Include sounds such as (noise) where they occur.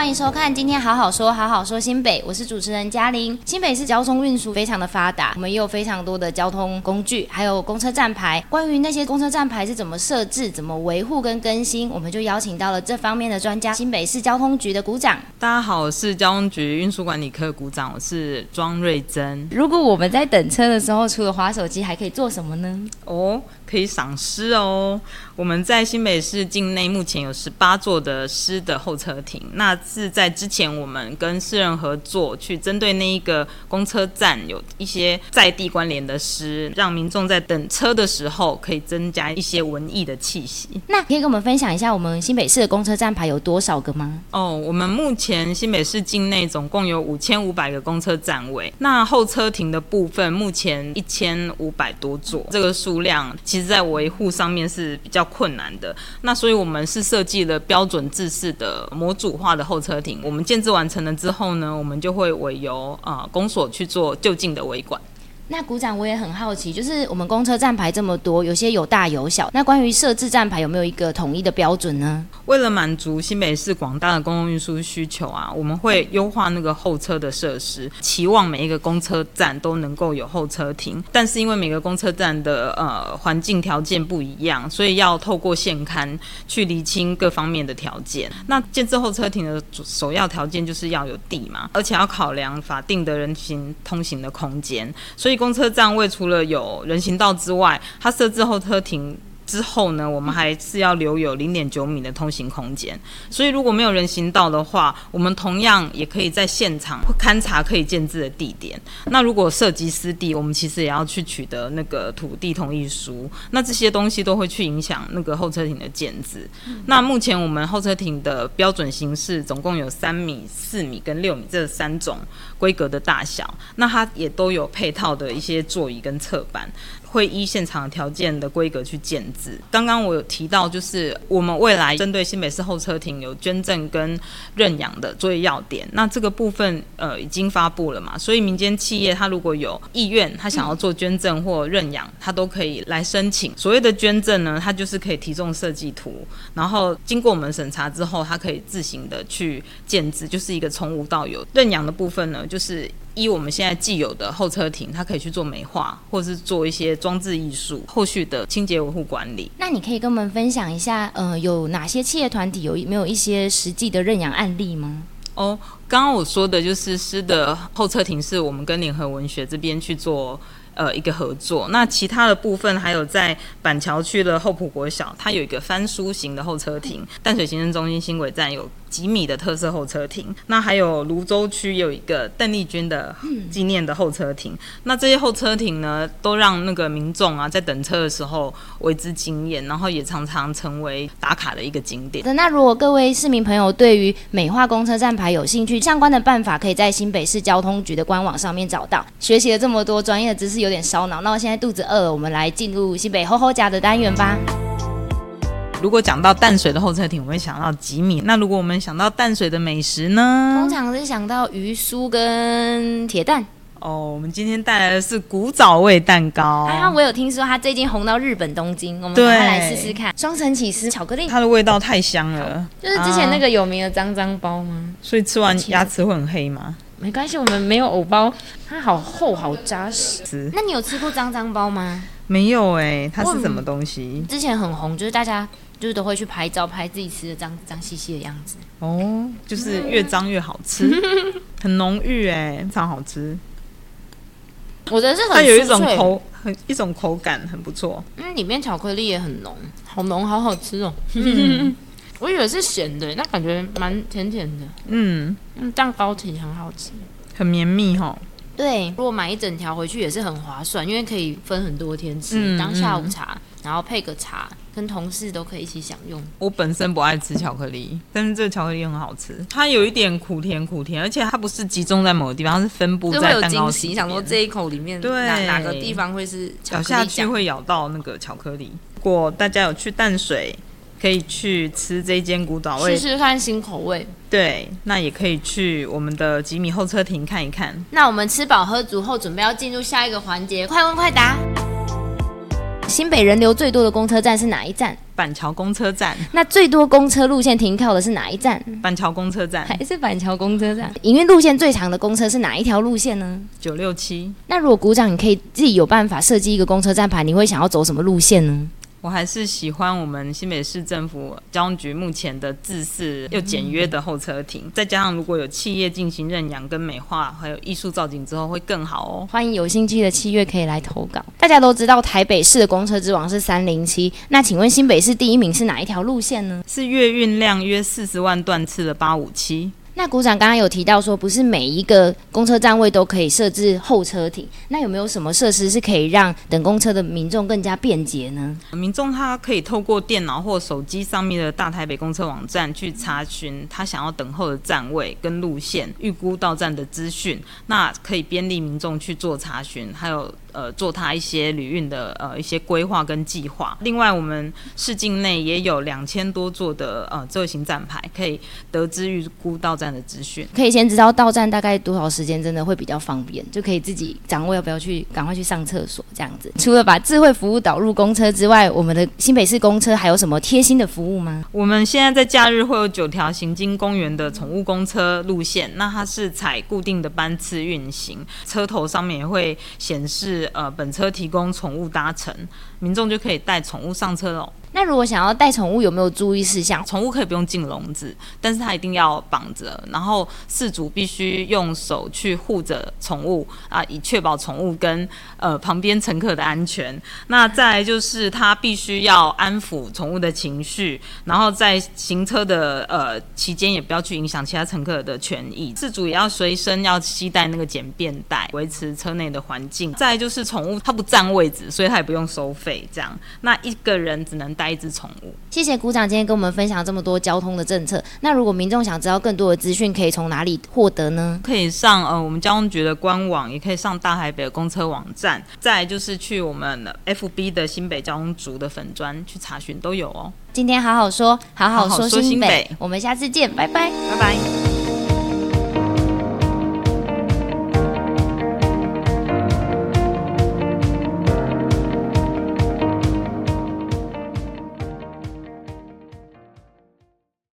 歡迎收看，今天好好說，好好說新北，我是主持人嘉玲。新北市交通運輸非常的發達，我們也有非常多的交通工具，還有公車站牌。關於那些公車站牌是怎麼設置、怎麼維護跟更新，我們就邀請到了這方面的專家，新北市交通局的股長。大家好，我是交通局運輸管理科股長，我是莊瑞珍。如果我們在等車的時候，除了滑手機，還可以做什麼呢？哦，可以賞詩哦。我們在新北市境內目前有十八座的詩的候車亭，那。是在之前，我們跟詩人合作，去針對那一個公車站有一些在地關聯的詩，讓民眾在等車的時候可以增加一些文藝的氣息。那可以跟我們分享一下，我們新北市的公車站牌有多少個嗎？哦，我們目前新北市境內總共有五千五百個公車站位，那候車亭的部分目前一千五百多座。這個數量其實在維護上面是比較困難的。那所以我們是設計了標準制式的模組化的候。車亭，我們建置完成了之後呢，我們就會委由啊、呃、公所去做就近的維管。那股長，我也很好奇，就是我們公車站牌這麼多，有些有大有小。那關於設置站牌，有沒有一個統一的標準呢？為了滿足新北市廣大的公共運輸需求啊，我們會優化那個候車的設施，期望每一個公車站都能夠有候車亭。但是因為每個公車站的呃環境條件不一樣，所以要透過現勘去釐清各方面的條件。那建置候車亭的首要條件就是要有地嘛，而且要考量法定的人行通行的空間，所以。公車站位除了有人行道之外，它設置候車亭。之後呢，我們還是要留有零點九米的通行空間。所以如果沒有人行道的話，我們同樣也可以在現場勘查可以建置的地點。那如果涉及私地，我們其實也要去取得那個土地同意書。那這些東西都會去影響那個候車亭的建置。那目前我們候車亭的標準形式總共有三米、四米跟六米這三種規格的大小。那它也都有配套的一些座椅跟側板。會依現場的條件的規格去建置。剛剛我有提到，就是我們未來針對新北市候車亭有捐贈跟認養的作業要點，那這個部分呃已經發布了嘛？所以民間企業他如果有意願，他想要做捐贈或認養，他都可以來申請。所謂的捐贈呢，他就是可以提供設計圖，然後經過我們審查之後，他可以自行的去建置，就是一個從無到有。認養的部分呢，就是。一，我們現在既有的候車亭，它可以去做美化，或者是做一些裝置藝術、後續的清潔維護管理。那你可以跟我們分享一下，呃，有哪些企業團體有沒有一些實際的認養案例嗎？哦，剛剛我說的就是詩的候車亭，是我們跟聯合文學這邊去做。呃，一個合作。那其他的部分還有在板橋區的後埔國小，它有一個翻書型的候車亭；淡水行政中心輕軌站有幾米的特色候車亭。那還有蘆洲區有一個鄧麗君的紀念的候車亭。那這些候車亭呢，都讓那個民眾啊，在等車的時候為之驚艷，然後也常常成為打卡的一個景點。那如果各位市民朋友對於美化公車站牌有興趣，相關的辦法可以在新北市交通局的官網上面找到。學習了這麼多專業的知識，有。有點燒腦，那我現在肚子餓了，我們來進入新北厚厚呷的單元吧。如果講到淡水的候車亭，我會想到幾米。那如果我們想到淡水的美食呢？通常是想到魚酥跟鐵蛋。哦，我們今天帶來的是古早味蛋糕。呀、啊，我有聽說它最近紅到日本東京，我們來試試看對雙層起司巧克力。它的味道太香了，就是之前那個有名的髒髒包嗎？啊、所以吃完牙齒會很黑嗎？沒關係，我們沒有藕包，它好厚，好扎實。是那你有吃過髒髒包嗎？沒有哎、欸，它是什麼東西？之前很紅，就是大家就是都會去拍照，拍自己吃的髒髒兮兮的樣子。哦，就是越髒越好吃，嗯、 (laughs) 很濃郁哎、欸，非常好吃。我覺得是很，它有一種口，很一種口感很不錯。嗯，裡面巧克力也很濃，好濃，好好吃哦。嗯嗯我以為是鹹的，但感覺蠻甜甜的。嗯，蛋糕體很好吃，很綿密哈。對，如果買一整條回去也是很划算，因為可以分很多天吃，嗯、當下午茶，嗯、然後配個茶，跟同事都可以一起享用。我本身不愛吃巧克力，嗯、但是這個巧克力很好吃，它有一點苦甜苦甜，而且它不是集中在某個地方，它是分布在蛋糕體。就會有驚喜，想說這一口裡面哪對哪，哪個地方會是巧克力咬下去會咬到那個巧克力。如果大家有去淡水。可以去吃這一間古早味，試試看新口味。對，那也可以去我們的幾米候車亭看一看。那我們吃飽喝足後，準備要進入下一個環節——快問快答。新北人流最多的公車站是哪一站？板橋公車站。那最多公車路線停靠的是哪一站？板橋公車站，還是板橋公車站？營運路線最長的公車是哪一條路線呢？九六七。那如果股長，你可以自己有辦法設計一個公車站牌，你會想要走什麼路線呢？我還是喜歡我們新北市政府交通局目前的質素又簡約的候車亭，再加上如果有企業進行認養跟美化，還有藝術造景之後會更好哦。歡迎有興趣的企業可以來投稿。大家都知道台北市的公車之王是三零七，那請問新北市第一名是哪一條路線呢？是月運量約四十萬段次的八五七。那股長剛剛有提到說，不是每一個公車站位都可以設置候車亭，那有沒有什麼設施是可以讓等公車的民眾更加便捷呢？民眾他可以透過電腦或手機上面的大台北公車網站去查詢他想要等候的站位跟路線、預估到站的資訊，那可以便利民眾去做查詢，還有呃，做它一些旅運的呃一些規劃跟計劃。另外，我們市境內也有兩千多座的呃智慧型站牌，可以得知預估到站的資訊，可以先知道到站大概多少時間，真的會比較方便，就可以自己掌握要不要去趕快去上廁所這樣子。除了把智慧服務導入公車之外，我們的新北市公車還有什麼貼心的服務嗎？我們現在在假日會有九條行經公園的寵物公車路線，那它是採固定的班次運行，車頭上面也會顯示。是呃，本車提供寵物搭乘，民眾就可以帶寵物上車了哦。那如果想要帶寵物，有沒有注意事項？寵物可以不用進籠子，但是它一定要綁着，然後飼主必須用手去護着寵物啊，以確保寵物跟呃旁邊乘客的安全。那再來，就是，他必須要安撫寵物的情緒，然後在行車的呃期間也不要去影響其他乘客的權益。飼主也要隨身要攜帶那個簡便袋，維持車內的環境。再就是寵物它不占位置，所以它也不用收費。這樣，那一個人只能帶。一只寵物。謝謝股長今天跟我們分享這麼多交通的政策。那如果民眾想知道更多的資訊，可以從哪裡獲得呢？可以上呃我們交通局的官網，也可以上大台北的公車網站，再就是去我們 FB 的新北交通族的粉專去查詢都有哦。今天好好說，好好說。說新北，好好說新北我們下次見，拜拜，拜拜。